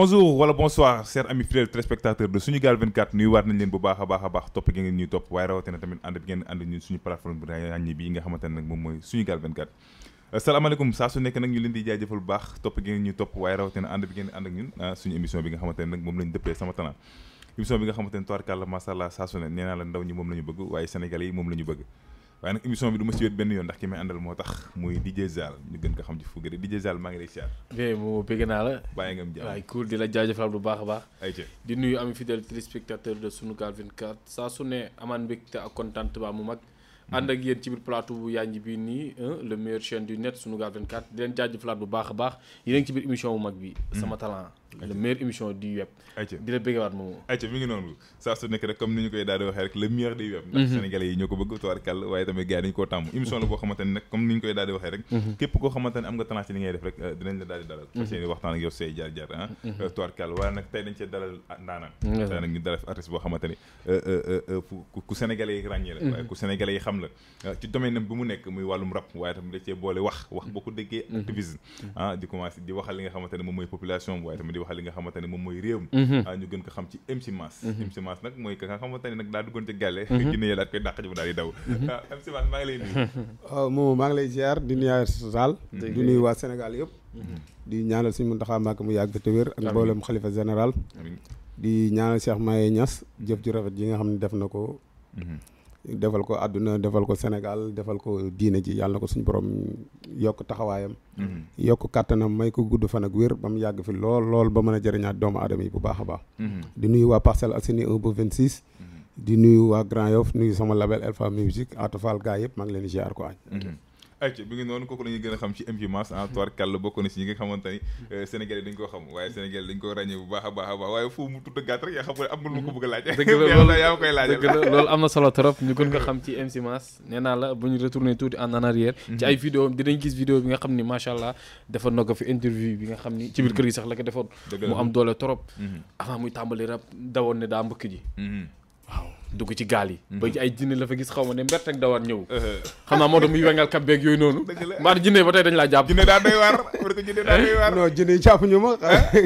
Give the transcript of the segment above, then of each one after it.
bonjour wala bonsoir chers amis fidèles téléspectateurs de Sunugal 24 nuyu waat nañ leen bu baax a baax a baax topp gi ngeen ñuy topp waaye rawatina tamit bi ngeen ànd ak ñun suñu émission bi nga xamante nag moom lañ dëppee sama tana émission bi nga xamante ne tubaarkàlla maasàllaa saa su ne nee la ndaw ñi moom la bëgg waaye sénégalais yi moom la bëgg waaye nag émission bi du ma ci wet benn yoon ndax ki may àndal moo tax muy DJ Zal ñu gën ko xam ci Fouguere DJ Zal maa ngi lay siyaar bé mo bëgg naa la bàyyi nga mu jàmm waaye di la jaajëfal bu baax a baax ay di nuyu ami fidèle téléspectateur de Sunugal 24 saa su ne amaan mbégte ak kontaan ba mu mag hmm. ànd ak yéen ci biir plateau bu yanj bii nii le meilleur chaîne du net Sunugal 24 di leen jaajëfalaat bu baax a baax yéen a ngi ci biir émission bu mag bi hmm. sama talent le meilleur émission du web. ayca di la noonu saa su nekk rek comme ni ñu koy daal waxee rek le meilleur du web. ndax mhm. sénégalais yi ñoo ko bëgg tubaarkàll waaye tamit gars yi dañu koo tàmm émission la boo nag ñu dalal. fas yéene boo xamante euh, euh, euh, ku ku yi ràññee la. Mhm. waaye ku sénégalais yi xam la ci domaine bi mu nekk muy wàllum rap waaye tamit da cee boole wax wax boo ko déggee mhm. activisme ah, di commencé di waxal li nga xamante ne moom population waaye tamit waxal li nga xamante ne moom mooy réew mi mhm. ah, ñu gën ko xam ci MC Mass MC mhm. Mass nag mooy ka nga xamante ne nag daa duggoon ci gàlle mhm. jinne yi daat koy dàq ji mu di daw ah, ah, moom maa ngi lay ziar di nuyu Sall di nuyu waa Sénégal yëpp di ñaanal suñu Muntaxa Mbakke mu yàgg te wér ak mboolem xalifa général di ñaanal Cheikh Maye Niass jëf ju rafet yi nga xam ne def na ko defal ko àdduna defal ko Sénégal defal ko diine ji yàlla na ko suñu borom yokk taxawaayam mhm. yokk kàttanam may ko gudd fan ak wér ba mu yàgg fi lool lool ba mën a jëriñaat doomu adama yi bu baax a baax mhm. di nuy waa Parcelles Assainies 1 ba 26 mhm. di nuyu waa Grand Yoff nuyu sama label Alpha Music Atofal gaa yëpp maa ngi leen ger ziar ko añ ayca bi ngi noonu kooku la ñuy gën a xam ci MG Mass en ah, toir kàll bokk na si ñi nga xamante ni euh, Sénégalais xam waaye a a baax a laaj dëgg loolu am na solo trop ñu gën ko xam ci MG Mass nee la bu ñu retourner tuuti en arrière mhm. ci ay vidéo dinañ gis vidéo bi nga xam ni macha allah defoon na ko fi interview bi nga xam ni ci biir mhm. kër gi sax la ko defoon mu am doole trop mhm. avant muy tàmbali rap dawoon ne daa mbëkk ji dugg ci gaal yi ba mhm. ay jinne la fa gis xaw ma ne mbert ak dawar ñëw xam naa moo tax muy wengal kab beeg yooyu noonu mbaa jinne ba tey dañ laa jàpp jinne yi jàpp ñu ma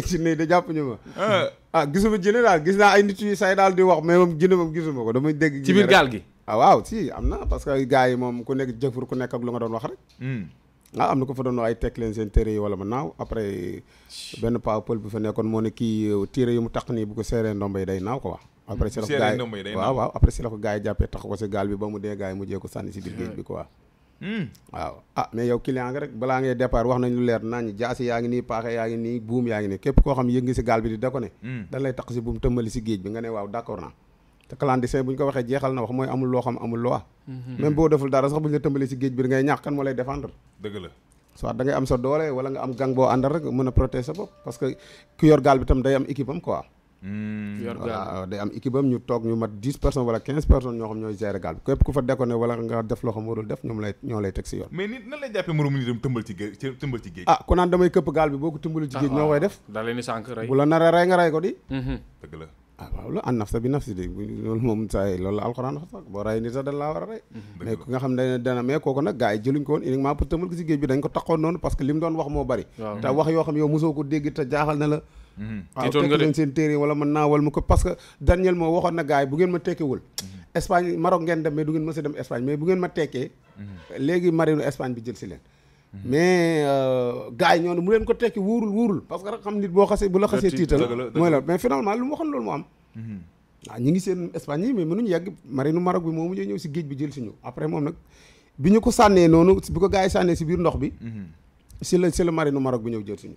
jinne yi da eh? eh? ah, daal gis naa ay nit yu say daal di wax mais moom jinne moom gisuma ko damay dégg ci biir gaal gi ah waaw si am na parce que gars yi moom ku nekk jëfur ku nekk ak lu nga doon wax rek hmm. ah am na ko fa doon ay teg leen seen téere yi wala ma naaw après benn paa pël bi fa nekkoon moo ne kii téere yi mu taq nii bu ko seeree ndomba yi day naaw ko après si la ko gaay waaw tax ko si gaal bi ba mu dee gars mujjee ko sànni si biir géej bi quoi hmm. waaw ah mais yow client nga rek balaa ngay départ wax nañu leer nañ jaasi yaa ngi nii paaxe yaa ngi nii buum yaa ngi nii képp koo xam yëg ngi si gaal bi di da ko ne dañ tax si buum tëmbali si géej bi nga ne waaw d'accord naa te clandestin bu ñu ko waxee jeexal na wax mooy amul loo amul loi mhm. même boo deful dara sax bu ñu tëmbali si géej Hmm. waaw am équipe ñu toog ñu mat dix personnes wala quinze personnes ñoo xam ñooy gérer gaal bi képp ku fa déconné wala nga def loo xam warul def ñoom lay teg si yoon ah, ah, a ko di mm-hmm. dëgg ah, la alxuraan wax sax boo rey nit sax dañ laa war a rey mm-hmm. mais ku nga xam ne dana mais kooku nag gars yi jëluñ ko woon uniquement pour tëmbal ko si géej bi dañ ko taxoon noonu parce que li doon wax moo bari te wax yoo xam yow mosoo ko dégg te jaaxal na la Mhm. waaw tekki leen seen téere wala man naawal ma ko parce que Daniel moo waxoon na gars yi bu ngeen ma tekkiwul mhm. Espagne Maroc ngeen dem mais du ngeen mës a dem Espagne mais bu mhm. jël si leen mais euh, gars yi ñoo ne mu leen ko tekki wóorul wóorul parce que rek xam nit boo xasee bu la xasee tiital mooy la mais finalement lu mu waxoon loolu mu am waaw ñi ngi seen Espagne yi mais mënuñu yàgg marinu Maroc bi moo mujjee ñëw si géej bi jël si ñu après moom nag bi ñu ko sànnee noonu bi ko gars yi sànnee si biir ndox bi si la si la marinu Maroc bi ñëw jël si ñu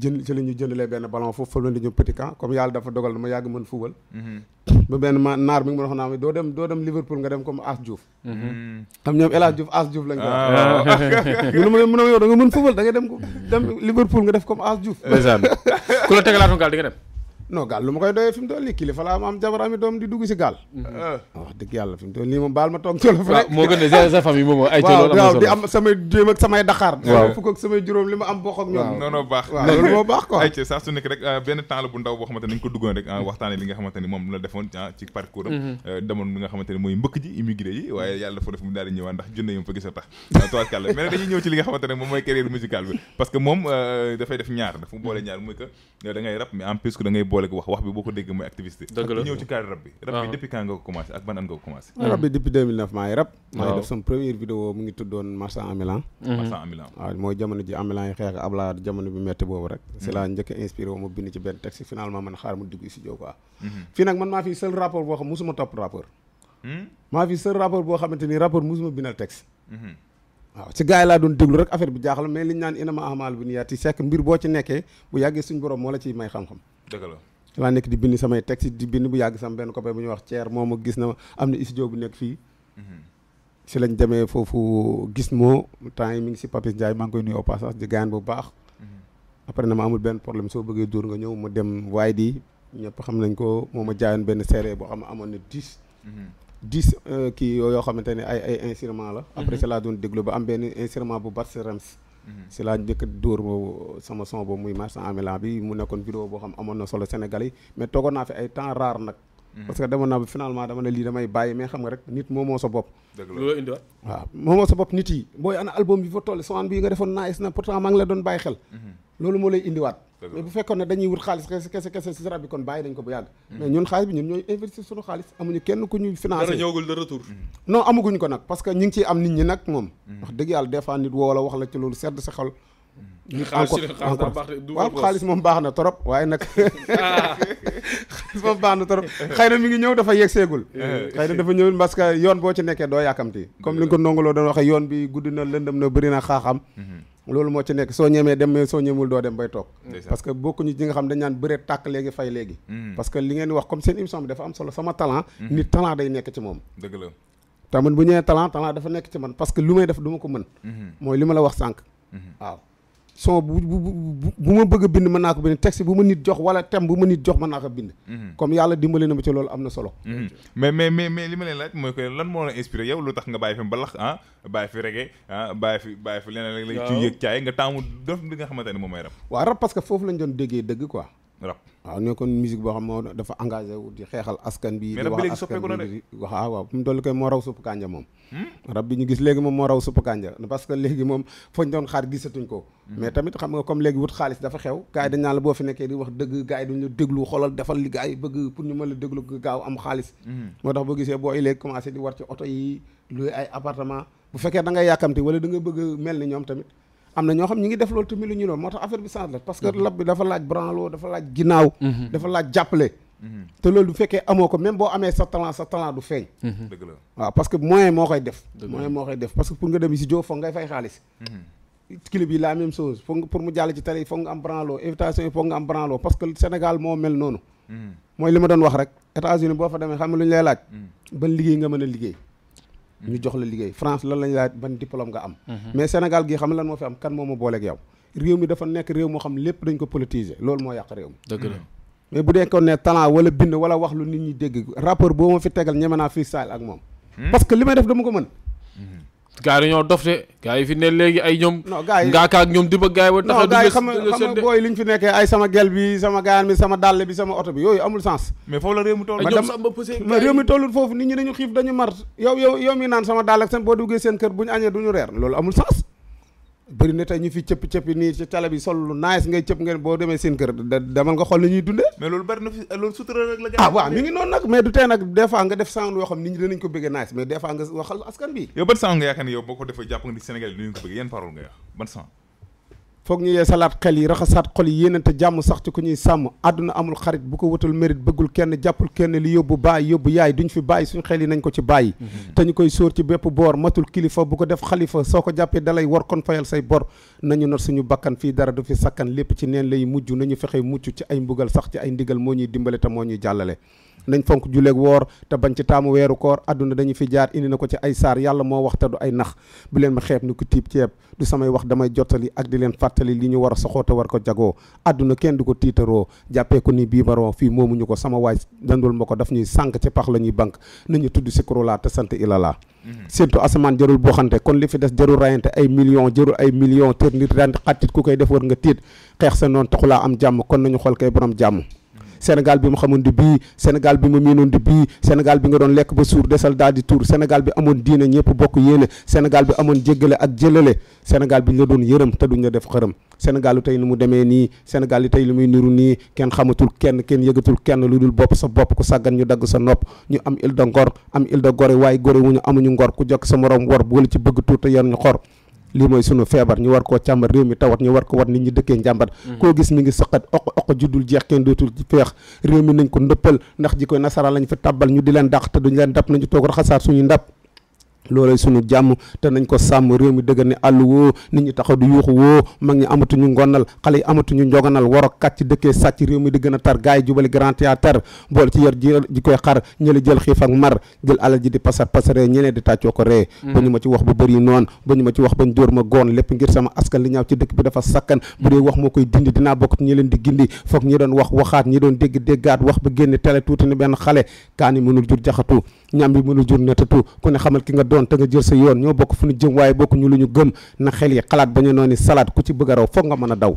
jënd ci la ñu jëndalee benn ballon foofu fële ñu petit camp comme yàlla dafa dogal na ma yàgg mën football. Mhm. ba benn ma naar mi ngi ma wax naa doo dem doo dem Liverpool nga dem comme As Diouf. Mhm. xam ñoom El Hadj Diouf As Diouf lañ koy wax. ñu ah. ne ma ne da nga mën football da nga dem dem Liverpool nga def comme As Diouf. ku la tegalaatoon gaal di nga dem. non gaal lu ma koy doyee fi mu toll nii kilifa laa ma am jabar ami doom di dugg si gaal. Mhm. Ah, a waaw di am samay jéem ak samay daqaar. waaw moom la defoon ah, ci parcours mhm. euh, demoon li nga xamante mooy mbëkk ji immigré yi waaye yàlla dafa def mu daal ñëwaat ndax junne yom fa gis a tax tubaarkàlla dañuy ñëw ci li nga xamante moom mooy carrière musicale bi parce que moom euh, dafay def ñaar dafa boole ñaar muy que euh, da ngay rap mais en plus boole boole ko wax boo ko dégg mooy activité ñëw rab bi ah. rab bi depuis quand nga ko commencé ak ban an nga ko commencé rab bi depuis 2009 maa ngi rab ah. maa def sama première vidéo mu ngi tuddoon marchand ambulant mhm. marchand ambulant waaw mooy jamono ji ambulant yi xeex abla jamono bi metti boobu rek c'est mhm. la njëkk a inspiré bind ci benn texte finalement man xaar mu dugg studio quoi mhm. fii nag man maa fi seul rapport boo xam musuma topp rapport hmm? maa fi seul rapport boo laa nekk di bind samay texte di bind bu yàgg sama benn copain bu ñu wax Thier moom gis na am na studio bu nekk fii mm-hmm. si lañ demee foofu gis moo temps yi mi ngi si Papis Ndiaye maa ngi koy nuyu au passage di gaañ bu baax mm-hmm. après na ma amul benn problème soo bëggee duur nga ñëw ma dem waaye di ñëpp xam nañ ko moom a jaayoon benn séeréer boo xam ne amoon na dix mm-hmm. dix euh, kii yoo xamante ne ay ay instruments la après si laa doon déglu ba am benn instrument bu Bart Rems Mhm. si laa njëkk dóor boobu sama son boobu muy marchand ambulant bi mu nekkoon vidéo boo xam amoon na solo Sénégal yi mais toogoon naa fi ay temps rare nag. Mhm. parce que demoon naa ba finalement dama ne lii damay bàyyi mais xam nga rek nit moo moo sa bopp. dëgg la loolu waaw moo moo sa bopp nit yi booy ana album bi fa toll son bi nga defoon nice na pourtant maa ngi la doon bàyyi xel. Mhm. loolu moo lay indiwaat mais bu fekkoon ne dañuy wut xaalis kese kese kese si rab bi kon bàyyi nañ ko bu yàgg mm-hmm. mais ñun xaalis bi ñun ñooy investir suñu xaalis amuñu kenn ku ñuy financé dara ñëwagul mm-hmm. ko nag parce que ñu ngi ciy am nit ñi nag moom mm-hmm. wax dëgg yàlla des fois nit woo la wax la ci loolu sedd sa xol nit encore waaw xaalis moom baax na trop waaye nag xaalis moom baax na trop xëy na mi ngi ñëw dafa yegg seegul eh, eh. xëy na dafa ñëw parce yoon boo ci nekkee doo yàkkamti comme ni nga ko nongaloo doon waxee yoon bi gudd na lëndëm na bëri na xaaxam loolu moo ci nekk soo ñemee dem mais soo ñemul doo dem bay toog parce que bokkuñu ñi nga xam dañ naan bëre tàkk léegi fay léegi hmm. parce que li ngeen wax comme seen émission bi dafa am solo sama talent hmm. nit talent day nekk ci moom dëgg la tamit bu ñëwee talent talent dafa nekk ci man parce que lu may def du ma ko mën hmm. mooy li ma la wax sànq waaw son bu bu bu ma bëgg a bind mën naa ko bind texte bu ma nit jox wala tem bu ma nit jox mën naa ko bind. Mhm. comme yàlla dimbali na ma ci loolu am na solo. Mhm. mais mais mais mais li ma leen laaj mooy que lan moo la inspiré yow lu tax nga bàyyi fi mbalax ah bàyyi fi reggae ah bàyyi fi bàyyi fi leneen rek. ci yëg caay nga taamu dof li nga xamante ne moom mooy rap. waaw rap parce foofu lañ doon déggee dëgg ko rap waaw nekkoon musique boo xam moo dafa engagé wu di xeexal askan bi di wax askan ah, waaw fu mu toll koy moo raw supp kànja moom hmm? rab bi ñu gis léegi moom moo raw supp kànja parce léegi moom fañ doon xaar gisatuñ ko hmm. mais tamit xam nga comme léegi wut xaalis dafa xew gars dañ naan boo fi nekkee di wax dëgg gars yi duñ la defal li bëgg pour ñu mën la déglu gaaw am xaalis hmm. moo tax boo gisee boo léegi commencé di war ci oto yi luy ay da ngay yàkkamti am na ñoo xam ñi ngi def loolu tamit lu ñu doon moo tax affaire bi change la parce que lab bi dafa laaj branlo dafa laaj ginnaaw mhm. dafa laaj jàppale mhm. te loolu bu fekkee amoo ko même boo amee sa talent sa talent du feeñ mhm. dëgg waaw parce que moo koy def moyen moo koy def parce que pour nga dem si joo foog ngay fay xaalis clip yi la même foog nga am branlo invitation yi foog nga am branlo parce que Sénégal moo mel noonu mooy li ma doon wax rek États-Unis boo fa demee xam ne lu ñu lay liggéey nga mën a ñu jox la liggéey France lan lañ laaj ban diplôme nga am mhm. mais Sénégal gi xam lan moo fi am kan moo ma booleeg yow réew mi dafa nekk réew moo xam lépp dañ ko politiser loolu moo yàq réew mi mhm. mais bu dee ko ne talent wala bind wala wax lu nit ñi dégg rapport boo ma fi tegal ñeme naa freestyle ak moom mhm. parce li may def dama ko mën gaa yi dañoo dof de gaa yi fi ne léegi ay ñoom. non gaa yi ngaakaak ñoom di ba gaa yi. non gaa yi fi nekkee ay sama gel bi sama gaan bi sama dàll bi sama oto bi yooyu amul sens. mais foofu la réew mi toll. foofu nit ñi dañu xiif dañu mar yow yow yow mi naan sama dàll ak seen boo duggee seen kër bu ñu añee du ñu reer loolu amul sens. bëri na tey ñu fi cëpp cëpp nii ci tale bi sol lu nice ngay cëpp ngeen boo demee seen kër demal nga xool ni dundee. mais loolu bëri na fi loolu sutura rek la. ah waaw mi ngi noonu nag mais du tey nag des nga def sang yoo xam nit ñi danañ ko bëggee nice mais des fois nga waxal nga yaakaar ni yow boo ko defee nga ni yan parole nga wax ban sang foog ñu yee salaat xel yi raxasaat xol yi yéenante jàmm sax ci ku ñuy sàmm àdduna amul xarit bu ko wutal merit bëggul kenn jàppul kenn li yóbbu bàyyi yóbbu yaay duñ fi bàyyi suñu xel yi nañ ko ci bàyyi mm-hmm. te ñu koy sóor ci bépp boor matul kilifa bu ko def xalifa soo ko jàppee dalay war kon fayal say bor nañu not suñu bàkkan fii dara du fi sàkkan lépp ci neen lay mujj nañu fexe mucc ci ay mbugal sax ci ay ndigal moo ñuy dimbali te moo ñuy jàllale nañ fonk juleeg woor te bañ ci taamu weeru koor àdduna dañu fi jaar indi na ko ci ay saar yàlla moo wax te du ay nax bu leen ma xeeb ni ku ceeb du samay wax damay jottali ak di leen fàttali li ñu war a soxoo te war ko jagoo àdduna kenn du ko tiitaroo jàppee ko ni biibaron fii moomuñu ko sama waay dandul ma ko daf ñuy sànq ci pax la ñuy bank nañu tudd sikrulaa te sant illa ilalaa mhm. surtout asamaan jarul boxante kon li fi des jarul rayante ay million jarul ay million tër nit rent xattit ku koy def war nga tiit xeex sa noonu laa am jàmm kon nañu xool kay borom jàmm Sénégal bi mu xamoon di bii Sénégal bi mu miinoon di bii Sénégal bi nga doon lekk ba suur desal daal di tuur Sénégal bi amoon diine ñëpp bokk yéene Sénégal bi amoon jéggale ak jëlale Sénégal bi ñu la doon yërëm te duñ la def xërëm Sénégal tey ni mu demee nii Sénégal yi tey lu muy niru nii kenn xamatul kenn kenn yëgatul kenn lu dul bopp sa bopp ku sàggan ñu dagg sa nopp ñu am il de ngor am il de waaye gore wu ñu amuñu ngor ku jokk sa morom wor boole ci bëgg tuur te yan ñu lii mooy sunu feebar ñu war koo càmbar réew mi tawat ñu war ko war nit ñi dëkkee njàmbat mm-hmm. koo gis mi ngi saqat oq oq juddul jeex kenn dootul feex réew mi nañ ko ndëppal ndax ji koy nasaraan lañ fi tàbbal ñu di leen dàq te duñ leen dab nañu toog raxasaat suñu ndab loole sunu jàmm te nañ ko sàmm réew mi dëgg ne àll woo nit ñi taxaw di yuuxu woo mag ñi amatuñu ngonal xale yi amatuñu njoganal war a kàcc dëkkee sàcc réew mi di gën a tar gars yi jubali grand théâtre boole ci yar ji ji koy xar ñëli jël xiif ak mar jël alal ji di pasar pasare ñeneen di tàccoo ko ree mm. ba ñu ma ci wax bu bëri noonu ba ñu ma ci wax bañ dóor ma goon lépp ngir sama askan li ñaaw ci dëkk bi dafa sakkan bu dee wax moo koy dindi dinaa bokk ñi leen di gindi foog ñi doon wax waxaat ñi doon dégg déggaat wax ba génne télé tuuti benn xale kaani mënul jur jaxatu ñam bi mënu jur netatu ku ne xamal ki nga doon te nga jël sa yoon ñoo bokk fu ñu jëm waaye bokk ñu lu ñu gëm na xel yi xalaat ba ñu nooni salaat ku ci bëgg a raw foog nga mën a daw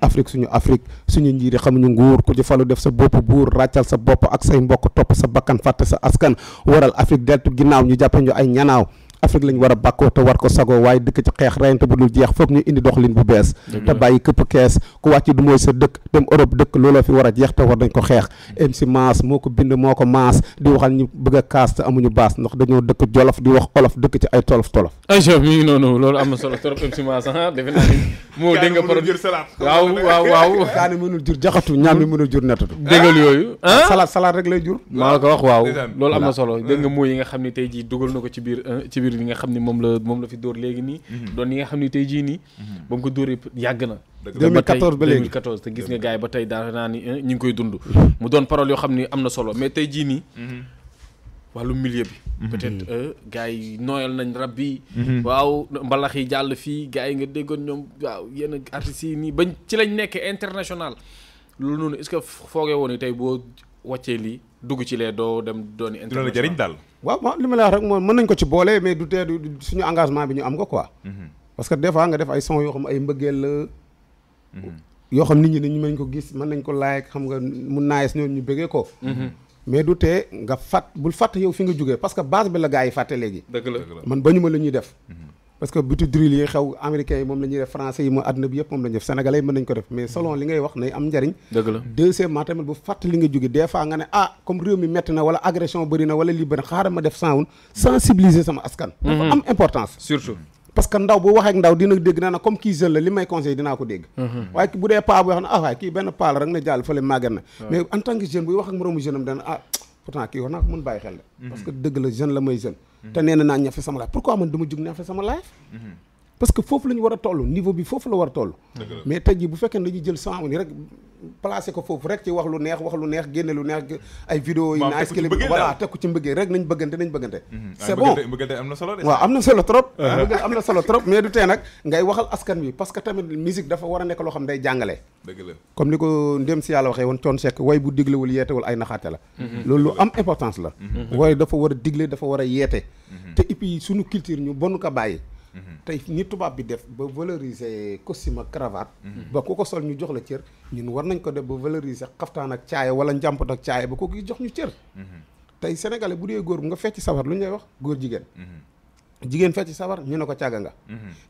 Afrique suñu Afrique suñu njiit yi xamuñu nguur ku ci falu def sa bopp buur ràccal sa bopp ak say mbokk topp sa bakkan fàtte sa askan waral Afrique deltu ginnaaw ñu jàppe ñu ay ñanaaw Afrique lañ war a bàkkoo te war ko sagoo waaye dëkk ci xeex reyante bu dul jeex foog ñu indi doxalin bu bees te bàyyi këpp kees ku wàcc du mooy sa dëkk dem Europe dëkk looloo fi war a jeex te war nañ ko xeex MC Mass moo ko bind moo ko maas di waxal ñu bëgg a kaas te amuñu baas ndax dañoo dëkk jolof di wax olof dëkk ci ay tolof tolof ay chef mi ngi noonu loolu am na solo trop MC Mass ah defe naa ni moo dégg nga parole jur jaxatu ñaam mi mënul jur nettatu déggal yooyu ah? Ah, salaat salaat rek lay jur maa ko wax waaw loolu ne tey ji dugal na ko ci euh, dóor li nga xam ne moom la moom la fi dóor léegi nii mhm. doon li nga xam ne tey jii nii mhm. ba mu ko dóoree yàgg na 2014 ba léegi 2014 te gis nga gars yi ba tey daal naa ni eh, ñu ngi koy dund mhm. mu doon parole yoo xam ne am na solo mais tey jii nii wàllu milieu bi peut-être euh, gars nooyal nañ rab waaw mbalax jàll fii gars nga déggoon ñoom waaw yenn artistes nii bañ ci lañ nekk international loolu noonu est que foogee woon tey boo wàccee lii dugg ci lee doo dem dooni international dina la daal waaw li ma la wax rek moom mën nañ ko ci boole mais du tee suñu engagement bi ñu am ko quoi mhm. parce que des fois nga def ay son yoo xam ay mbëggeel mhm. yoo xam nit ñi dañu mañ ko gis mën nañ ko laay xam nga mun naayes ñoom ñu bëggee ko mhm. mais du tee nga fàtt bul fàtt yow fi nga jógee parce que base bi la gaa yi fàtte léegi dëgg la man bañuma lu ñuy def parce que butu drill yi xew américains yi moom la ñuy yi moom àdduna bi yëpp moom la ñuy def yi mën nañ ko def mais selon li ngay wax nay am njariñ dëgg la deuxièmement tamit bu fàtt li nga jóge des fois nga ne ah comme réew mi metti na wala agression bëri na wala lii bëri na xaaral ma def sensibiliser sama askan mhm. dafa am importance surtout parce que ndaw bu waxee ndaw dina dégg naa na comme kii jeune la li may conseil dinaa ko dégg mhm. waaye pourtant kii mm-hmm. parce que dëgg la jeune la may jeune te nee naa ñafe sama life pourquoi man du ma jug ñafe sama life mm-hmm. parce que foofu la ñu war a toll niveau bi foofu la war a toll mais tey jii bu fekkee ne jël cent ni rek placé ko foofu rek ci wax lu neex wax lu neex génne lu neex ay vidéo yi naa ci mbëggee rek nañ bëggante bëggante mhm. c'est bon am na solo waaw am na solo trop uh-huh. bëggante am na solo trop mais du tee nag ngay waxal askan wi parce que tamit musique dafa war a nekk loo xam day jàngale dëgg la comme ni ko ndem si yàlla waxee woon coon way bu diglewul yeetewul ay naxaate la mhm. loolu lu am importance la mhm. way dafa war a digle dafa war a yeete te et puis suñu culture ñu bonu ko bàyyi Mhm. tey ni tubaab bi def ba valoriser costume ak cravate. Mhm. ba ku ko sol ñu jox la cër. ñun war nañ ko def ba valoriser xaftaan ak caaya wala njàmput ak caaya ba ku ko jox ñu cër. Mhm. tey sénégalais bu dee góor nga fecc sabar lu ñu lay wax góor jigéen. jigéen fecc sabar ñu ne ko càgga nga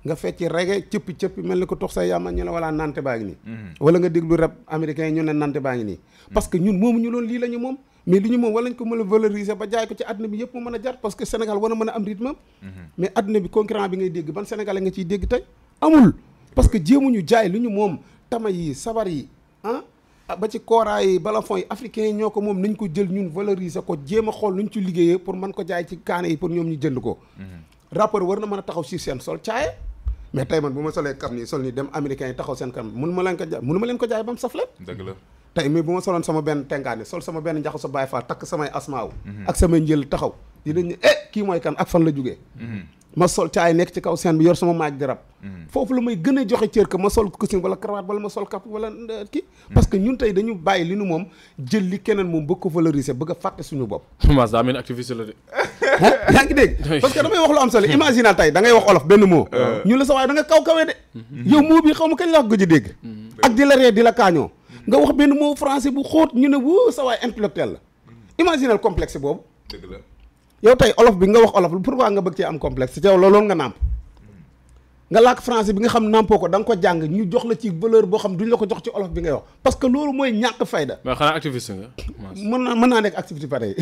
nga fecc reggae cëppi cëppi mel ni ko tox say yàmma ñu ne wala nante baa ngi nii wala nga déglu rap américain ñu ne nante baa ngi nii parce ñun moomu ñu loon lii mais li ñu moom war nañ ko mën a valoriser ba jaay ko ci àdduna bi yëpp mu mën a jar parce que Sénégal war na mën a am rythme mhm. mais àdduna bi concurrent bi ngay dégg ban Sénégalais nga ciy dégg tey amul parce que jéemuñu jaay lu ñu moom tama yi sabar yi ah, ah ba ci kooraa yi balafon yi africain yi ñoo ko moom nañ ko jël ñun valoriser ko jéem a xool ñu ci liggéeyee pour mën ko jaay ci kaane yi pour ñoom ñu jënd ko mhm. rapport war na mën a taxaw si seen sol caaye mais tey man bu ma solee kam nii sol nii leen ko jaay mënu ma la tey mais bu ma soloon sama benn tenkaane sol sama benn njaxu sa baay faal takk samay asmaaw mhm. ak samay njël taxaw dinañ ne eh kii mooy kan ak fan la jógee mhm. ma sol caay nekk ci kaw seen bi yor sama maaj di mhm. foofu la may gën a joxe cër que ma sol costume wala cravate wala ma sol cap wala euh, kii parce que ñun tey dañu bàyyi li nu moom jël li keneen moom bëgg ko valoriser bëgg a fàtte suñu bopp Mass daa mel ni la de yaa ngi dégg parce que damay wax lu am solo imaginal tey da wax olof benn mot euh. ñu nga kaw kawee de yow moo ma kañ la wax gëj a dégg la di la kaañoo nga wax benn mot français bu xóot ñu ne wóo sa waay intellectuel la imaginel complexe boobu dëgg yow tey olof bi nga wax olof pourquoi nga bëgg cee am complexe yow loolu nga nàmp nga làkk français bi nga xam nàmpoo ko da nga ko jàng ñu jox la ci valeur boo xam duñ la ko jox ci olof bi ngay wax parce que loolu mooy ñàkk fayda mais xanaa activiste nga mën naa naa nekk activité pareil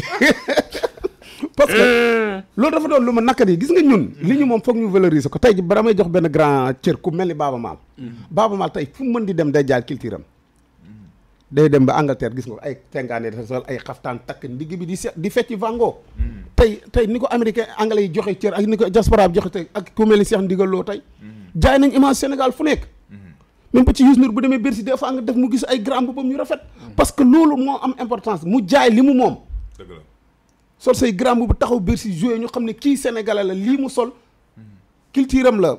parce que eh. loolu dafa doon lu ma nakkat yi gis nga ñun li ñu moom foog ñu valoriser ko tey ji ba damay jox benn grand ku mel ni Baaba Maal mm. Baaba Maal tey fu mu mën di dem day jaay culture am day dem ba Angleterre gis nga ay tengaane sol ay xaftaan takk ndigg bi di se di fecc vango hmm. tey tey ni ko américain anglais yi joxe cër ak ni ko diaspora bi joxe tey ak ku mel ni Cheikh Ndigal Lo tey hmm. jaay nañ image Sénégal fu nekk hmm. même ba ci Youssou bu demee Bercy des fois nga def mu gis ay grand boubam ñu rafet parce que loolu moo am importance mu jaay li mu moom dëgg la sol say grand bu taxaw Bercy joué ñu xam ne kii sénégalais la lii mu sol culture am la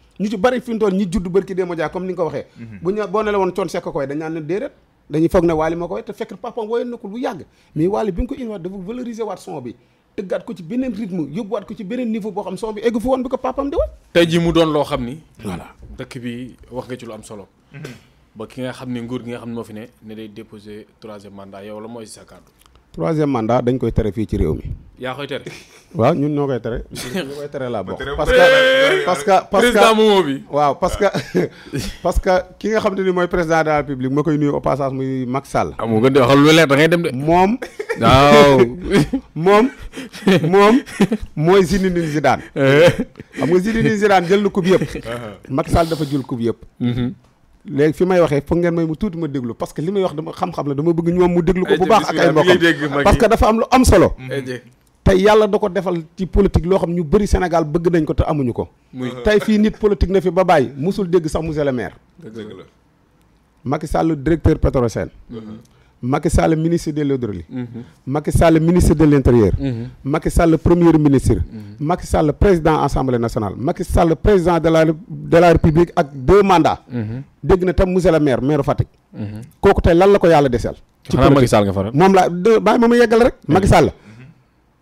ñu ci bari fi ñi judd barki démb jaay comme ni nga ko waxee mhm. bu ñu boo ne coon sekk koy dañ naan ne déedéet dañuy foog ne waali ma koy te fekk papam wooyoon na bu yàgg mais waali bi nga ko indiwaat dafa valoriser waat son bi tëggaat ko ci beneen rythme yóbbuwaat ko ci beneen niveau boo xam son bi egg fu woon bi ko papam di wax tey ji mu doon loo xam ni voilà dëkk bi wax nga ci lu am solo mhm. ba ki nga xam ne nguur gi nga xam ne moo fi troisième mandat dañ koy tere fii ci réew mi. yaa koy tere. waaw ñun ñoo koy tere. ñoo koy tere laa bokk parce que parce que président moomoo bi. waaw parce que parce que ki nga xam te ni mooy président de la république ma koy nuyu au passage muy Macky Sall. ah mu gën di waxal lu leer da ngay dem de. moom. waaw moom moom mooy Zinedine Zidane. Eh. xam nga Zinedine Zidane jël na coupe yëpp. Uh-huh. Macky Sall dafa jël coupe yëpp. Mm-hmm. léegi fi may waxee foog ngeen may mu tuuti ma déglu parce que li may wax dama xam-xam la dama bëgg ñoom mu déglu ko bu baax ak ay mbokkam parce que dafa am lu am solo mm-hmm. tey yàlla da ko defal ci politique loo xam ñu bëri Sénégal bëgg nañ ko te amuñu ko tey fii nit politique na fi ba bàyyi mosul dégg sax monsieur le maire Macky Sall directeur Petrosen mm-hmm. Macky Sall ministre de l'hydraulique. Mhm. Macky Sall ministre de l'intérieur. Mhm. Macky Sall premier ministre. Mhm. Macky Sall président assemblée national Macky Sall président de la république ak deux mandats. dégg na tam monsieur le maire maire Fatick. kooku tey lan la ko yàlla deseel. ci xanaa Macky Sall nga faral moom laa bàyyi yeggal rek Macky Sall.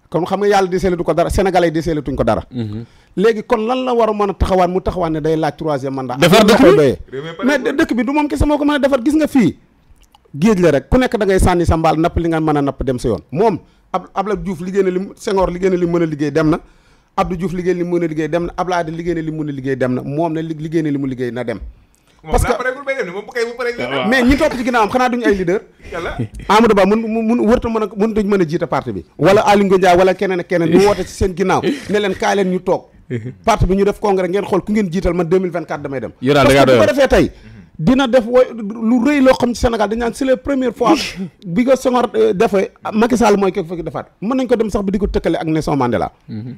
kon xam nga yàlla deseelatu ko dara sénégalais yi deseelatuñ ko dara. léegi kon lan la war a mën a taxawaan mu taxawaan ne day laaj troisième mandat. defar dëkk bi mais dëkk bi du moom kese moo ko mën nga fii. géej la rek ku nekk da sànni sa mbaal napp li nga mën a napp dem sa yoon moom ab Abdoulaye Diouf liggéey na li liggéey na li mën a liggéey dem na Abdou li mën mën a liggéey dem na moom na liggéey na li mu liggéey na dem parce bi wala Aly Ngouille Ndiaye keneen ak keneen ñu woote ci seen ginnaaw ne leen kaay leen ñu toog parti bi ñu def congrès ngeen xool ku ngeen jiital man 2024 damay dem parce bu ko defee tey dina def woy lu rëy loo xam ci Sénégal dañu naan c'est la première fois bi ko Senghor euh, defee Macky mooy kii fekk defaat mën nañ ko dem sax bi di ko tëkkale ak Nelson Mandela mhm.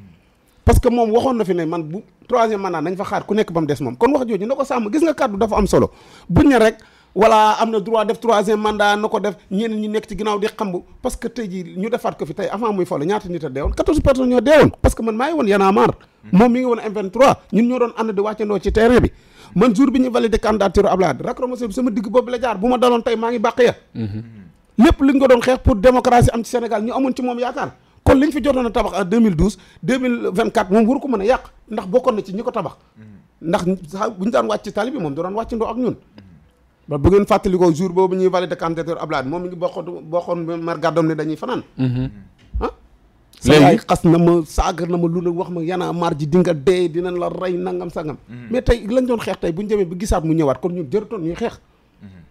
parce que moom waxoon na fi ne man bu troisième mandat nañ ku nekk ba mu des moom kon wax jooju na ko sàmm gis nga kàddu dafa am solo ne rek na droit def troisième mandat na ko ci ginnaaw di xamb parce que tey jii ñu defaat ko fi tey avant muy fole ñaata nit a deewoon quatorze personnes ñoo deewoon parce que man maa ngi woon a marre mm. moom mi ngi woon M23 ñun ñoo doon ànd di wàccandoo ci terrain man jour bi ñu validé candidature Ablaye racromaché bi sama digg boobu la bu ma daloon tey maa ngi bàq ya mm-hmm. lépp li ñu ko doon xeex pour démocratie am ci Sénégal ñu amoon ci moom yaakaar kon liñ fi jotoon a tabax en 2012 2024 moom waru ko mën a yàq ndax bokkoon na ci ñi ko tabax mm-hmm. ndax bu ñu daan wàcc ci tali moom da doon wàcc ak ñun mm-hmm. ba bu fàttalikoo jour boobu ñuy validé candidature Ablaye moom mi léegi ay xas na ma saagar na ma lu la wax ma yanaa maar ji di nga dee dina la rey nangam sangam. Mhm. mais tey lañ doon xeex tey bu ñu demee ba gisaat mu ñëwaat kon ñun jërëtoon ñuy xeex. Mhm.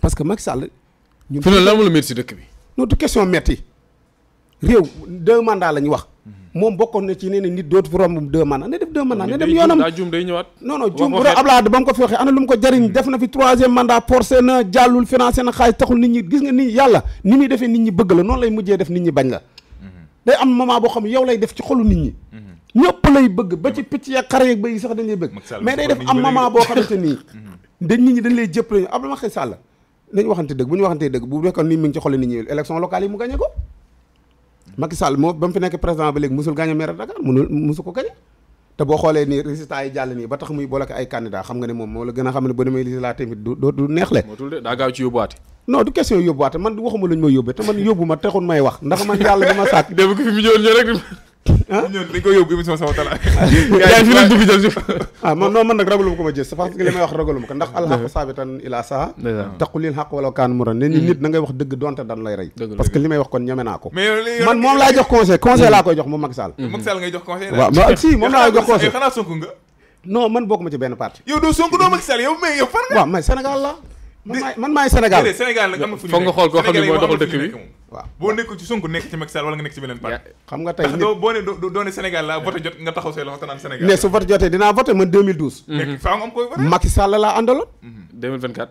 parce que Macky Sall. ñun fi lan la si dëkk bi. non du question métti réew deux mandats la ñu wax. Mhm. moom bokkoon na ci nee na nit dootu fi romb deux mandats ne def deux mandats ne dem yoonam daa juum day ñëwaat non non juum ba mu ko fi waxee lu mu ko jariñ def na fi troisième mandat forcé na jàllul financé na xaalis taxul nit ñi gis nga nit yàlla ni muy defee nit ñi bëgg la noonu lay mujjee def nit ñi bañ la day am moment boo xam ne yow lay def ci xolu nit ñi mm-hmm. ñëpp lay bëgg ba ci picc ya xar yeeg ba yi sax dañ lay bëgg mais day def am moment boo xamante nii mm-hmm. dañ nit ñi dañ lay jëpp lañu Abdou Macky Sall bu ñu waxantee dëgg bu fekkoon nii mi ngi ci xolu nit ñi élection locale yi mu gagné ko mm-hmm. Macky Sall moo ba mu fi nekk président ba léegi musul gagné maire Dakar munul musu ko gagné te boo xoolee nii résultat yi jàll nii ba tax muy boole ay candidat xam nga ne moom moo la gën a xam ne ba demee législative tamit du neex le moo tul non du question yóbbuwaate man waxuma lu ñu ma yóbbee te man yóbbu ma taxul may wax ndax man yàlla dama sàkk. dégg ko fi mu ñëwoon ah? ñu si. ah man non man nag ragaluma ko ma jës parce que mm. na wax dëgg donte dan lay rey. parce que li may wax kon ñeme naa ko. man moom laa jox conseil conseil laa koy jox moom Macky Sall. Mm-hmm. ngay jox conseil. waaw eh, man bokk ma ci benn parti. yow doo Sonko doo Macky yow mais Sénégal la man maay Sénégal Sénégal foog nga xool koo xam ne moo doxal dëkk bi waaw boo nekkul ci Sonko nekk ci Macky Sall wala nga nekk ci beneen parti xam nga tey ne doo ne Sénégal la voté jot nga taxaw say loxo te naan Sénégal ne su voté jotee dinaa voté man 2012 faa nga am laa àndaloon mhm.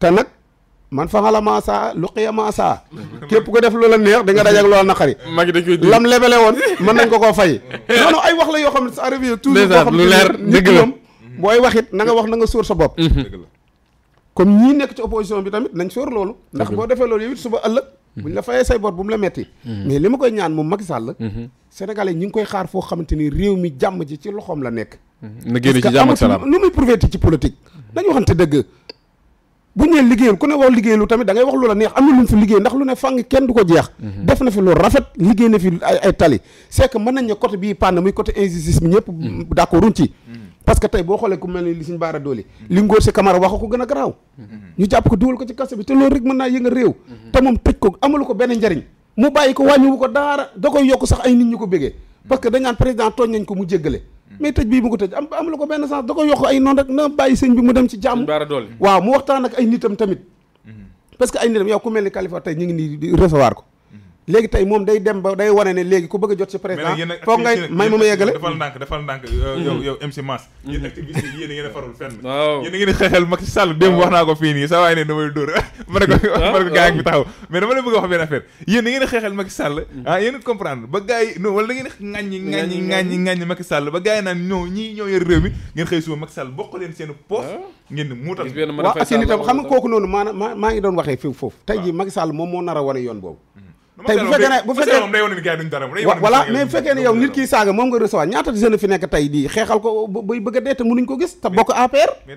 te nag man faxala maasaa luqiya maasaa képp ko def loola neex di nga dajak loola naqari lam lebele woon mën nañ ko koo fay non ay wax la yoo xam ne ça revient toujours boo xam ne nit wax it na nga wax na nga sóor sa bopp comme ñii nekk ci opposition bi tamit nañ sóor loolu ndax boo defee loolu yow it suba ëllëg buñ la fayee say bor bu mu la metti mm-hmm. mais li ma koy ñaan moom Macky Sall mm-hmm. sénégalais ñi ngi koy xaar foo xamante ni réew mi jàmm ji ci loxoom la nekk mm-hmm. na génn ci jàmm ak salaam lu muy prouvé ci politique dañu waxante dëgg bu ñeen liggéeyal ku ne wax liggéeyalu tamit da ngay wax lu la neex am na lu mu fi liggéey ndax lu ne fàng kenn du ko jeex mhm. def na fi lu rafet liggéey na fi ay tali c'est mën nañ ne côté bii pànn muy côté injustice bi ñëpp mhm. d'accord mhm. tey boo xoolee ku mel ni li suñ baara doole li ngóor si Camara wax ko gën a garaaw ñu jàpp ko dugal ko ci kaso bi te loolu rek mën naa yëngal réew te moom tëj ko amalu ko benn njariñ mu bàyyi ko wàññiwu ko daara da koy yokk sax ay nit ñu ko bégee parce que dañ naan président tooñ nañ ko mu Mhm. mais tëj bii mu ko tëj am amul ko benn sens da ko yokk ay noonu rek na bàyyi sëñ bi mu dem ci jàmm waaw mu waxtaan ak ay nitam tamit mhm. parce que ay nitam yow ku mel ni Khalifa tey ñu ngi nii recevoir ko léegi tey moom day dem ba day wane ne léegi ku bëgg a jot ci président foog ngay may ma ma yeggale defal ndànk defal ndànk euh, mm-hmm. mm-hmm. a ngeen a farul fenn waaw yéen a ngeen xeexel Macky ko leen bëgg a a ngeen xeexel Macky Sall mm-hmm. ah Sall ba gars yi naan ñoo ñii ñoo yor réew mi ngeen xëy suba Macky muutal waaw assi nitam xam nga kooku noonu maa maa ngi doon waxee fii foofu tey ji Macky Sall moom moo nar a wane yoon boobu tey bu fekkee ne bu fekkee moom day wane ni gars yi duñ dara voilà mais bu fekkee ne yow nit kii saaga moom nga recevoir ñaata jeune fi nekk tey di xeexal ko bay bëgg a dee te mënuñ ko gis te bokk APR mais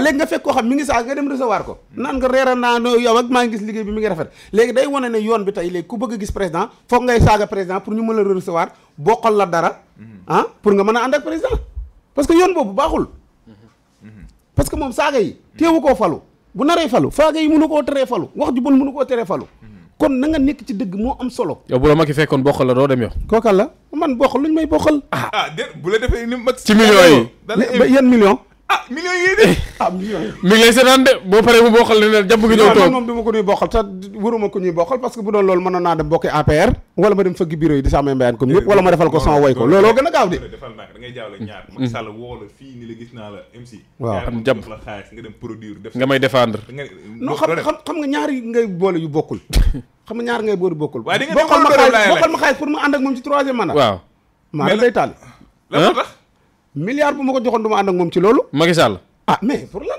léegi nga fekk koo xam mi ngi saaga nga dem recevoir ko hmm. naan nga reera naa no ak maa ngi gis liggéey bi mi ngi rafet léegi day wane ne yoon bi tey léegi ku bëgg a gis président foog ngay saaga président pour ñu mën a recevoir bokkal la dara hmm. ah pour nga mën a ànd ak président parce que yoon boobu baaxul hmm. parce que moom saaga yi téewu koo falu bu naree falu saaga yi mënu koo teree falu wax ju bon mënu koo teree kon na nga nekk ci dëgg moo am solo. yow bu la Macky fekkoon bokkal la doo dem yow. kookal la man bokkal luñ may bokkal. ah ah bu la defee ni Macky. ci millions yi yan million ah millions yi de. Eh. ah millions yi mi de boo paree mu bokkal ne la jàpp nga ñëw toog moom du ma ko ñuy bokkal te waruma ko ñuy bokkal parce que bu doon loolu mënoon naa dem bokki APR wala ma dem fëggi bureau yi di sàmmee mbayaan comme yëpp wala ma defal ko sama way ko looloo gën a gaaw de MC mm. waaw nga may défendre non xam xam xam nga ñaari ngay boole yu bokkul xam nga ñaar ngay boole bokkul bokkal ma xaalis bokkal ma xaalis pour mu ànd ak moom ci troisième mandat waaw maa day taal la milliard bu ma ko joxoon du ma ànd ak moom ci loolu. Macky Sall. ah mais pour lan.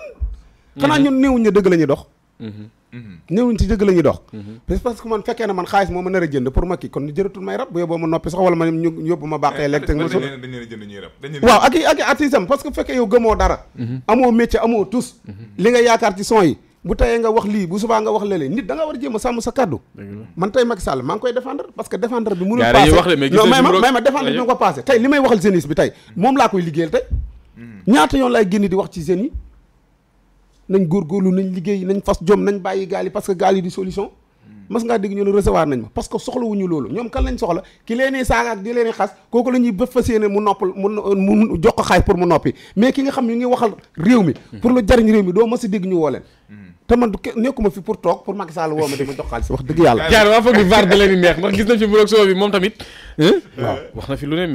xanaa mm-hmm. ñun néewuñ ne dëgg la ñuy dox. Mm-hmm. néewuñ ci dëgg la ñuy dox. Mm-hmm. parce que man fekkee na man xaalis moo ma nar a jënd pour Macky kon jërëtul may rab bu yóbboo ma noppi sax wala ma ñu yóbbu ma baaxee lekk teg eh, ma su waaw ak i ak i fekkee yow gëmoo dara. amoo métier amoo tous. li nga yaakaar ci son yi bu tayee nga wax lii bu subaa nga wax léeg-léeg nit da nga war a jéem a sàmm sa kàddu man tey Macky Sall maa ngi koy défendre parce que défendre bi mënul passé non may ma may bi ma ko passé tey li may waxal jeunesse bi tey moom laa koy liggéeyal tey hmm. ñaata yoon laay génn di wax ci jeunes yi nañ góorgóorlu nañ liggéey nañ fas jom nañ bàyyi gaal yi parce que gaal yi di solution hmm. mas ngaa dégg ñu ne recevoir nañ ma parce que soxlawuñu loolu ñoom kan lañ soxla ki leeni saaga ak di leeni xas kooku la ñuy noppi mais ki nga xam ñu ngi waxal réew mi hmm. pour lu jariñ réew mi doo a dégg ñu woo te man nekkuma fi pour toog pour Macky Sall woo ma dama jox xaalis wax dëgg yàlla jaar waa foog ni VAR da leen di neex ndax gis nañ fi bi moom tamit waaw wax na fi lu ne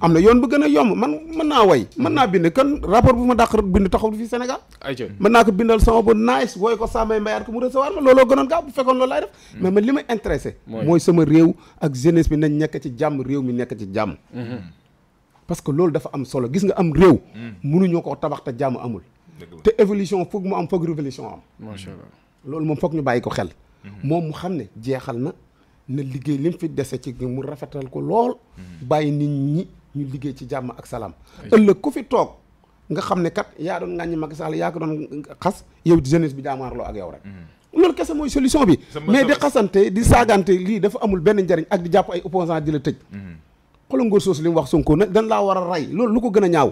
mais a yomb man naa way mën naa bind kan rapport bu ma dàq bind taxawul mu hmm. nekk ci jàmm réew mi nekk nekk ci jàmm mhm. parce que loolu dafa am solo gis nga am réew mënuñoo mhm. ko tabax te jàmm amul te évolution foog mu am foog révolution am macha allah loolu moom foog ñu bàyyi ko xel mhm. moom mu xam ne jeexal na na liggéey li mu fi dese ci mu rafetal ko lool bàyyi nit ñi ñu liggéey ci jàmm ak salaam ëllëg ku fi toog nga xam ne kat yaa doon ŋàññi Macky Sall yaa ko doon xas yow jeunesse bi jaamaarloo ak yow rek loolu kese mooy solution bi mais di xasante di saagante lii dafa amul benn njariñ ak di jàpp ay opposant di xoolal ngóor soosu li mu wax Sonko na laa war a rey loolu lu ko gën a ñaaw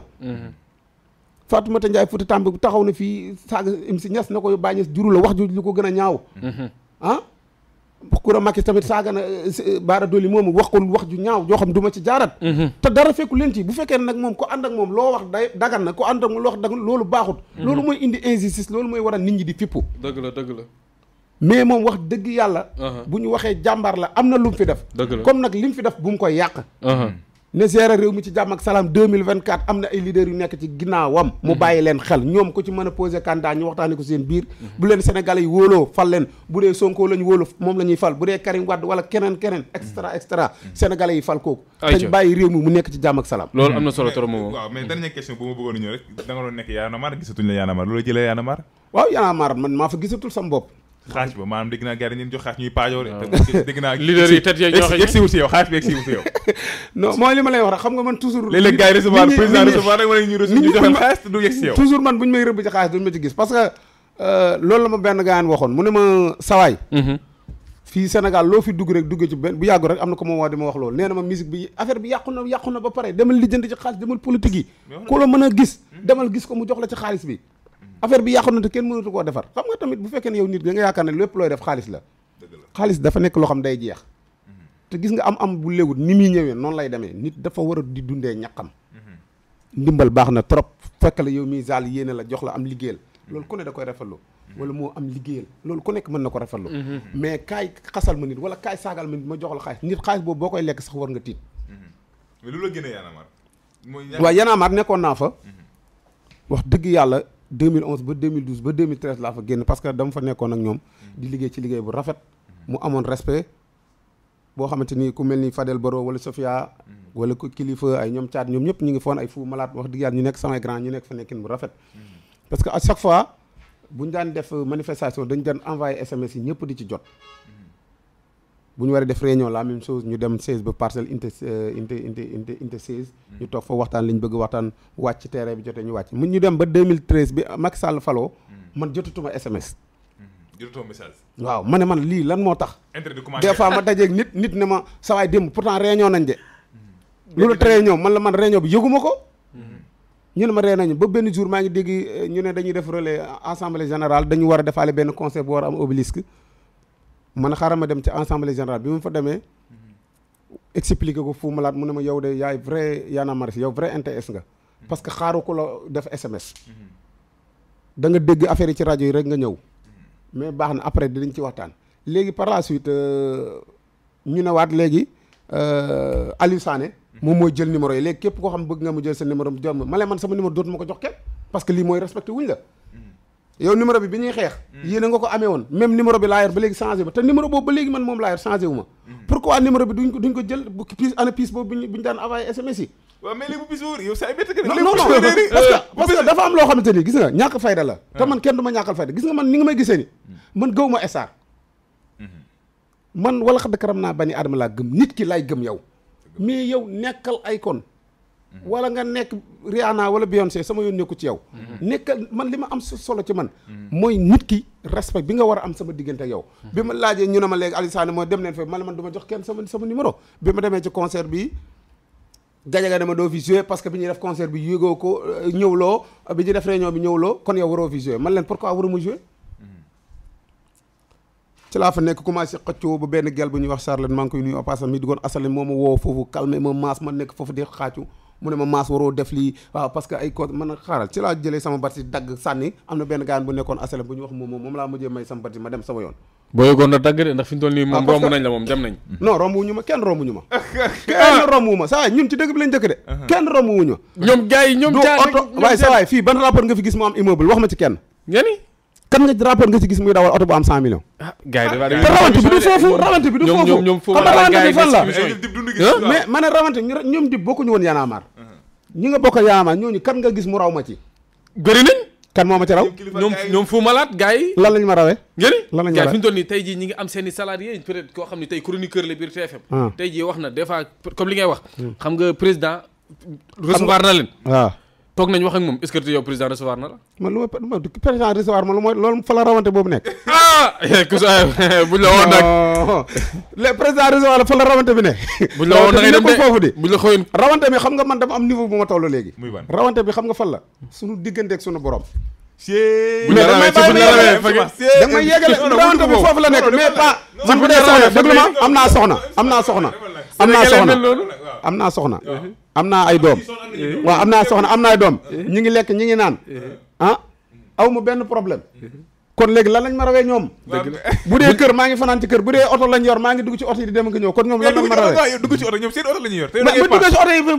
Fatoumata Ndiaye Fouta Tampi bu taxaw na fii saaga MC Niass na ko bàñes juru la wax ju lu ko gën a ñaaw ah Koura Macky tamit saaga na eh, eh, Bara Dolly moom wax ko wax ju ñaaw joo xam du ma ci jaarat mhm. te dara fekku leen ci bu fekkee nag moom ko ànd ak moom loo wax day dagan na ko ànd ak moom loo wax dagan loolu baaxut mhm. loolu mooy indi injustice loolu mooy waral nit ñi di fippu dëgg la la mais moom wax dëgg yàlla. Uh-huh. bu ñu waxee jàmbaar la am na lu mu fi def. comme nag li mu fi def bu mu koy yàq. Uh-huh. ne gérer réew mi ci jàmm ak salaam 2024 am na ay leaders yu nekk ci ginnaawam. mu uh-huh. xel ñoom ku ci mën a posé candidat ñu ko seen biir. bu leen Sénégalais yi wóoloo fal leen bu dee Sonko lañ wóoloo moom la ñuy fal bu dee Karim Wade wala keneen keneen et cetera et cetera yi fal kooku. ayca te ñu bàyyi réew mi mu nekk ci jàmm ak salaam. loolu am na solo trop moom waaw mais dernière question bu ma bëggoon a ñëw rek doon nekk Y'en a la Y'en a a a fa gisatul sama bopp xaaj ba maanaam dégg naa bi man toujours léeg-léeg gars bu ñu may rëbb ci xaalis duñu ma ci gis parce que euh, loolu la ma benn gaan waxoon mu ne ma sawaay mm-hmm. fii Sénégal loo fi dugg rek dugg ci benn bu yàggu rek am na ko ma woo di ma wax loolu nee ma musique bi affaire bi yàqu na ba pare demal lijjanti ci xaalis demal politique yi ku la mën a gis hmm. demal gis ko mu jox la ci xaalis bi affaire bi yàqu na te kenn mënatu koo defar xam nga tamit bu fekkee ne yow nit da nga yaakaar ne la xaalis dafa nekk loo xam day jeex mhm. te gis nga am am bu léewut ni muy ñëwee noonu lay demee nit dafa war a di dundee ñaqam mhm. ndimbal baax na trop fekk la yow miy zaal yéene la jox la am liggéeyal mhm. loolu ku ne da koy rafetlu wala moo am liggéeyal loolu ku nekk mën na ko rafetlu mais kaay xasal ma nit wala kaay saagal ma nit ma jox la xaalis nit xaalis boobu boo koy lekk sax war nga tiit mais lu la gën a yaanaamaat waaw nekkoon naa fa wax dëgg yàlla 2011 ba 2012 ba 2013 laa fa génn parce que dama fa nekkoon ak ñoom di liggéey ci liggéey bu rafet mu amoon respect boo xamante ni ku mel ni Fadel Baro wala Sofia wala ku kilifa ay ñoom caat ñoom ñëpp ñu ngi foon ay fu malaat wax dëgg yàlla ñu nekk samay grand ñu nekk fa nekkin bu rafet parce que à chaque fois bu ñu daan def manifestation dañu daan envoyé SMS yi ñëpp di ci jot bu ñu waree def réunion la même chose ñu dem 16 ba parcelle inte euh, inte inte inte 16. Mm. ñu toog fa waxtaan li ñu bëgg waxtaan wàcc terrain bi jotee ñu wàcc mu ñu dem ba 2013 bi Macky Sall faloo mm. man jotutuma SMS. Mm-hmm. jotutuma message. waaw ma ne man lii lan moo tax. intérêt du des fois ma dajeek nit nit ne ma sa waay démb pourtant réunion nañ de. Mm-hmm. loolu très ñoom man la man réunion bi yëguma ko. Mm-hmm. ñu ne ma ree nañu ba benn jour maa ngi dégg euh, ñu ne dañuy def relais euh, assemblée générale dañu war a defaale benn conseil am obélisque. man xaaral ma dem ci assemblée générale bi mu fa demee expliqué ko Fou Malade mu ne ma yow de yaay vrai Y'en a marre yow vrai NTS nga mm-hmm. parce que xaaru ko la def SMS mm-hmm. da nga dégg affaire yi ci rajo yi rek nga ñëw mm-hmm. mais baax na après dañ ci waxtaan léegi par la suite euh, ñu ne waat léegi euh, Aliou Sané moom mooy jël numéro yi léegi képp koo xam bëgg nga mu jël sa numéro mu jox ma ma man sama numéro dootuma ko jox kenn parce que lii mooy respecté wuñ la yow numéro bi bi ñuy xeex hmm. yéen a nga ko amee woon même numéro bi laa ba léegi changé ma te numéro boobu ba léegi man moom laa yor wu ma hmm. pourquoi numéro bi duñ ko duñ ko jël bu piis ana piis boobu bu ñu daan envoyé sms yi waaw mais léegi bu piis parce que dafa am loo xamante ni gis nga ñàkk fayda la te hmm. man kenn du ma ñàkkal fayda gis nga man ni nga may gisee man gëw ma star man wala xadd karam naa bani aadama laa gëm nit ki laay gëm yow mais yow nekkal ay kon wala nga nekk Rihanna wala Beyoncé sama yoon nekku ci yow. nekkal man li ma am solo ci man. mooy nit ki respect bi nga war a am sama diggante ak yow. bi ma laajee ñu ne ma léegi Aliou Sané mooy dem leen fa ma man du ma jox kenn sama sama numéro bi ma demee ci bi. Gajaga dama doo fi que bi ñuy def concert bi ko euh, ñëwloo bi ñuy def réunion bi ñëwloo kon yow waroo man leen pourquoi waruma joué. ci laa fa nekk commencé xëccoo ba benn gel bu ñuy wax Charlotte koy nuyu au mi di goon asali moo ma woo foofu calmé ma maas ma nekk foofu di xaacu. mu ne ma maas waroo def lii waaw parce que ay ko mën a xaaral ci laa jëlee sama bati dagg sànni am na benn gaan bu nekkoon asalam bu ñu wax moom moom laa mujjee may sama bati ma dem sama yoon boo yëgoon na dagg de ndax fi nii moom romb nañ la moom dem nañ non romb wuñu ma kenn romb wuñu ma kenn romb wuñu ma ñoom gars yi ñoom dib bokkuñu woon yaanaamaar ñi nga bokk yaama ñooñu kan nga gis mu raw ma ci. bëri nañ. kan moo ma ci raw ñoom ñoom fu malaat gars yi. lan lañ ma rawee. ngeen lan lañ ma rawee fi ñu toll nii tey jii ñi ngi am seen i salarié peut être koo xam ne tey chroniqueur la biir TFM. Ah. tey jii wax na des fois comme li ngay wax. Hmm. xam nga président recevoir na leen. waaw ah. toog nañ wax moom est-ce président recevoir na la. man lu ma président recevoir man mooy loolu fa la rawante boobu nekk. Ah! le président recevoir la fa la rawante ne. buñ la de foofu de buñ la xëyoon. bi xam nga man dama am niveau bu ma toll léegi. muy ban rawante bi xam nga fan la. suñu diggante ak suñu borom. sëñ bi mais damay bàyyi ma yeggale rawante bi foofu la nekk mais pas. man bu dee soxna déglu ma am naa soxna am naa soxna. am naa soxna am naa soxna. am naa ay doom waaw am naa soxna am naa ay doom ñi ngi lekk ñi ngi naan ah aw ma benn problème kon léegi lan lañ ma rawee ñoom bu dee kër maa ngi fanaan ci kër bu dee oto lañ yor maa ngi dugg ci oto yi di dem ak ñëw kon ñoom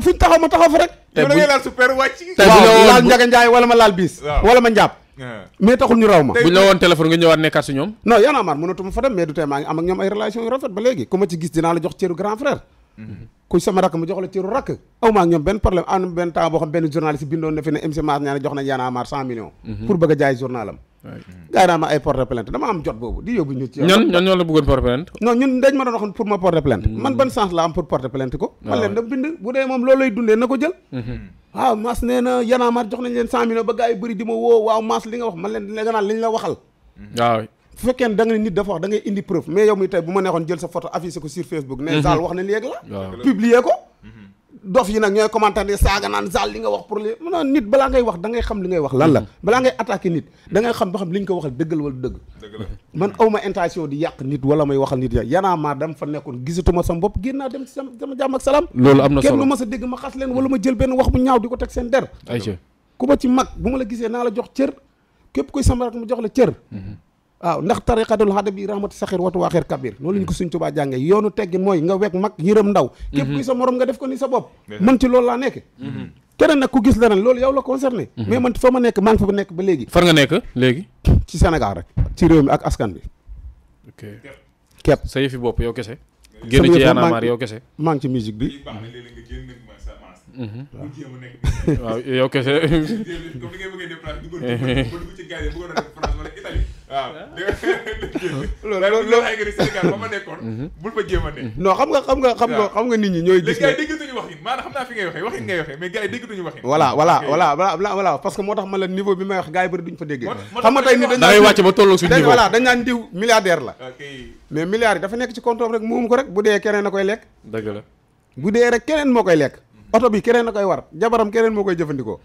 fu ñu taxaw ma taxaw fa rek yow da wala ma laal biis wala ma njàpp mais taxul ñu raw ma buñ la woon téléphone nga ñëwaat nekkaat su ñoom non yaanaamaar mënatuma fa dem mais du tey maa ngi am ñoom ay relation yu rafet ba léegi ku ma gis dinaa la jox cëru grand frère Mm-hmm. ku sama rakk mu jox la ciru rakk aw maa ñoom benn problème am benn temps boo xam benn journaliste bindoon na fi ne MC Mass ñaane jox a marre cent millions mm-hmm. pour bëgg a jaay journalam mm-hmm. ah, a jox nañ leen cent millions ba gaa yi bëri di ma woo waaw Mass li nga wax man leen nga naan liñ la waxal waaw ah, bu fekkee ne da nga ne nit dafa wax da ngay indi preuve mais yow mi tey mhm. na léegi la mhm. nga wax pour li xam li ngay wax lan la mhm. balaa ngay attaqué nit da ngay xam xam li ñu ko waxal dëggal wala nit wala may waxal nit ya yanaa nekkoon gisatuma sama bopp génn naa dem si sama jàmm ak salaam loolu am na solo kenn lu ma sa dégg ma xas leen wala ma jël benn wax bu ñaaw di ko teg seen der ku ma ci mag bu ma la gisee naa la jox cër képp kuy sama rak mu jox la cër waaw ndax tariqatul xada bi rahmatu saxir watu waaxir kabir noonu lañ ko suñ tubaa jànge yoonu teggin mooy nga wekk mag yërëm ndaw mhm. képp kuy sa morom nga def ko ni sa bopp man ci loolu laa nekk mhm. keneen nag ku gis leneen loolu yow la concerné mhm. mais man fa ma nekk maa ngi fa nekk ba léegi far nga nekk léegi ci Sénégal rek ci réew mi ak askan bi ok sa yëfi bopp yow kese génn ci yaanaamaar yow kese maa ngi ci musique bi waaw yow kese waaw ah. loolu loolu loolu ay Sénégal ba ma nekkoon. Mhm. bul fa jéem a mm-hmm. xam nga xam nga xam nga xam nga nit ñi ñooy. gis nga léegi gars yi déggatuñu waxin moo tax ma la niveau bi may wax gars yi bëri duñ fa déggee. xam nga tey ni dañ da ba tolloo suñu niveau voilà dañ naan diw milliardaire la. mais milliards dafa nekk ci compte rek moom ko rek bu dee keneen a koy lekk. dëgg la bu dee rek keneen moo koy lekk. Mhm. oto bi keneen a koy war jabaram keneen moo koy jëfandikoo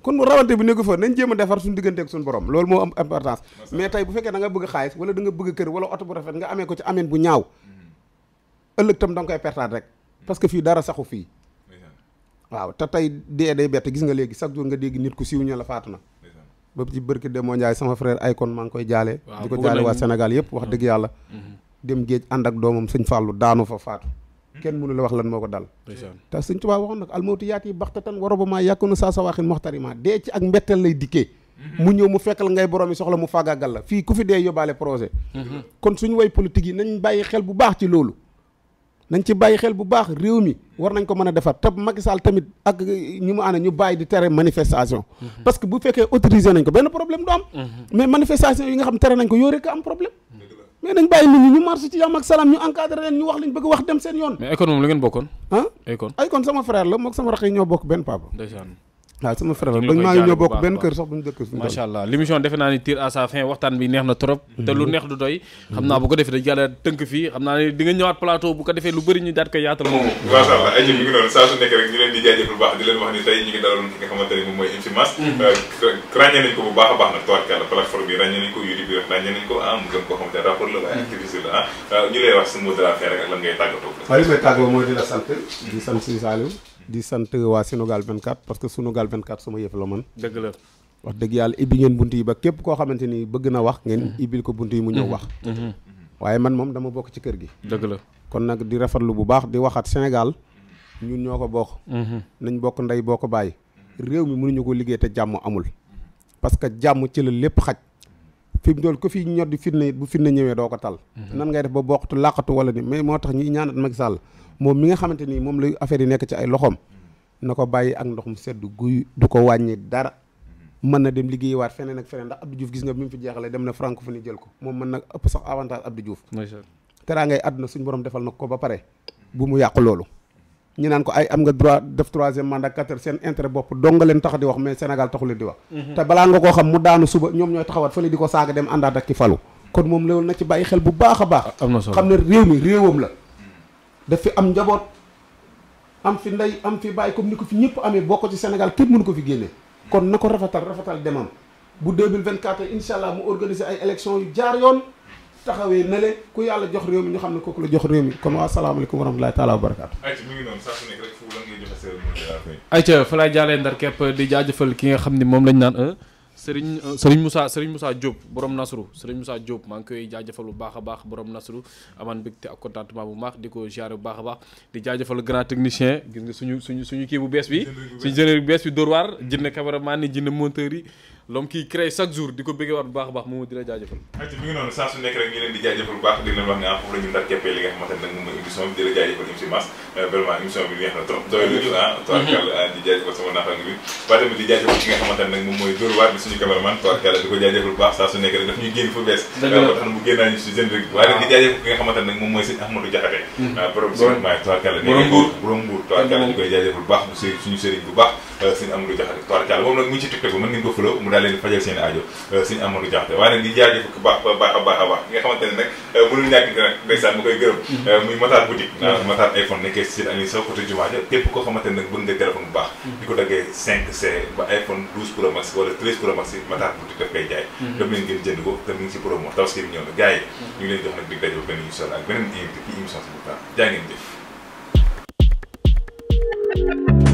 kon rawante bi nekku fa nañ jéem a defar suñu diggante ak suñu borom loolu moo am importance mais tey bu fekkee na nga bëgg xaalis wala da nga bëgg kër wala oto bu rafet nga amee ko ci ameen bu ñaaw ëllëg tam da nga koy pertaat rek mm-hmm. parce que fii dara saxu fii waaw te tey dee day bett gis nga léegi chaque jour nga dégg nit ku siiw ñu la faatu na ba ci bërki demoo Njaay sama frère Akon maa ngi koy jaalee di ko jaale waa Sénégal yëpp wax mm-hmm. dëgg yàlla mm-hmm. dem géej ànd ak doomam sëñ Fallou daanu fa faatu kenn mënu la wax lan moo ko dal te sëñ Tuubaa waxoon nag almawti yaat yi baxtatan wa rubamaa yàkkunu saa sa waaxin moxtarima dee ci ak mbetteel lay dikkee mhm. mu ñëw mu fekkal ngay borom yi soxla mu faagaagal la fii ku fi dee yóbbaale projet mhm. kon suñu way politique yi nañ bàyyi xel bu baax ci loolu nañ ci bàyyi xel bu baax réew mi war nañ ko mën a defar te Macky Sall tamit ak ñi mu ànd ñu bàyyi di tere manifestation mhm. parce que bu fekkee autorisé nañ ko benn problème du am mais manifestation yi nga xam tere nañ ko yoo rek am mais nañ bàyyi nit ñi ñu marché ci jàmm ak salaam ñu encadré leen ñu wax liñ bëgg wax dem seen yoon. mais Akon moom bokkoon. ah Akon Akon sama frère la mook sama rakk ñoo bokk benn papa. waaw sama frère la dañ maa ngi ñoo bokk benn kër sax bu ñu dëkk suñu macha allah l'émission defe na trop mhm. te lu neex xam naa bu ko defee dañ yàlla tënk fii xam naa ne di nga ñëwaat plateau bu ko defee lu bëri ñu daat koy yaatal moom macha allah ay ñu bu baax di leen wax ni tey ñu ngi daloon ki nga xamante ne moom mooy mhm. euh, a ko YouTube ko ah mu gën koo xamante ne rapport la waaye mhm. activiste la ah euh, ñu sa mot de ngay tàggatoo waaye may tàggatoo mooy di la sant di sant Sëñ di sant waa Sénégal 24 parce que Sénégal 24 sama yëf la man. dëgg la. wax dëgg yàlla ibbi ngeen bunt yi ba képp koo xamante ni bëgg na wax ngeen mhm. ibbil ko bunt yi mu ñëw mhm. wax mhm. waaye man moom dama bokk ci kër gi dëgg la kon nag di rafetlu bu baax di waxaat Sénégal ñun ñoo ko bokk nañ bokk ndey boo ko bàyyi réew mi mënuñu ko liggéey te jàmm amul parce que jàmm ci lépp xaj fi dool ko fii ñor di fitna bu fitna ñëwee doo ko tal moom mi nga xamante ni moom la affaire yi nekk ci ay loxoom na ko bàyyi ak ndox mu sedd guy du ko wàññi dara mën na dem liggéey waat feneen ak feneen ndax Abdou Diouf gis nga bi mu fi jeexalee dem na francophonie jël ko moom mën na ëpp sax avantage Abdou Diouf teraa ngay borom defal na ko ba pare bu mu yàq loolu ñu naan ko ay am nga droit def troisième mandat quatre seen tax di wax mais Sénégal taxu leen di wax mhm. te balaa ko saaga dem àndaat ak ki moom loolu na ci bàyyi xel bu baax a baax am na solo xam ne réew mi réewam la daf fi am njaboot am fi ndey am fi bàyyi comme ni ko fi ñëpp amee boo ko ci Sénégal képp mënu ko fi génne kon na ko rafetal rafetal demam bu 2024 incha allah mu organiser ay élections yu jaar yoon taxawee na le ku yàlla jox réew mi ñu xam ne kooku la jox réew mi kon waa salaamaaleykum wa rahmatulahi taala wa barakaatu. ayca mi la ngay joxe seen ayca fa laay jaalee ndar képp di jaajëfal ki nga xam ni moom lañ naan. Serigne euh, Serigne Moussa Serigne Moussa Diop borom Nasru Serigne Moussa jóob maa ngi koy jaajafal bu baax a baax borom Nasru amaan mbégte ak contentement bu maax di ko ziare bu baax a baax di jaajafal grand technicien gis nga suñu suñu suñu kii bu bees bi suñu générique bu bees bi Dóor waar jinne cameraman ni jinne monteur yi l'homme qui crée chaque jour di ko bëggee waat bu baax a baax moom di la jaajëfal. ayca mi ngi noonu saa su nekk rek ñu leen di jaajëfal bu baax di leen wax ne ah foofu la ñu ndax jàppee li nga xamante ne nag moom mooy émission bi di la jaajëfal ñu si Mass euh, vraiment émission bi neex na trop doy nañu ah. tubaarkàlla ah, di jaajëfal sama naataango bi waaye tamit di jaajëfal ki nga xamante ne nag moom mooy Dóor waar bi suñu cameraman tubaarkàlla di ko jaajëfal bu baax saa su nekk rek daf ñuy génn fu bees. dëgg la ba tax na mu génn ñu si générique bi. waaye nag di ah. jaajëfal ki nga xamante ne nag moom mooy sëñ Ahmadou Diakhaté. Hmm. Ah, borom borom borom Mbuur tubaarkàlla di koy jaajëfal bu baax suñu sëriñ bu baax Euh, sëñ Amadou Diakhaté tubaarkàlla moom nag mu ngi ci TikTok bi mën ngeen ko follow mu daal leen fajal seen aajo euh, sëñ Amadou Diakhaté waaye nag di jaajëf bu baax a baax a baax a baax ki nga xamante ne nag euh, mënul ñàkk nag ndeysaan mu koy gërëm mm-hmm. muy Matar boutique mm-hmm. Matar iPhone nekkee si Aliou Sow côté Jumaa ja képp koo xamante ne nag bëgg nga téléphone bu baax mm-hmm. di ko daggee 5C ba iPhone 12 Pro Max wala 13 Pro Max yi Matar boutique daf koy jaay dem leen ngeen jënd ko te mu ngi si promo tabaski bi ñëw na gars yi ñu ngi leen jox nag dig daje ba benn incha allah ak beneen invité ci émission si bu baax jaa ngeen jëf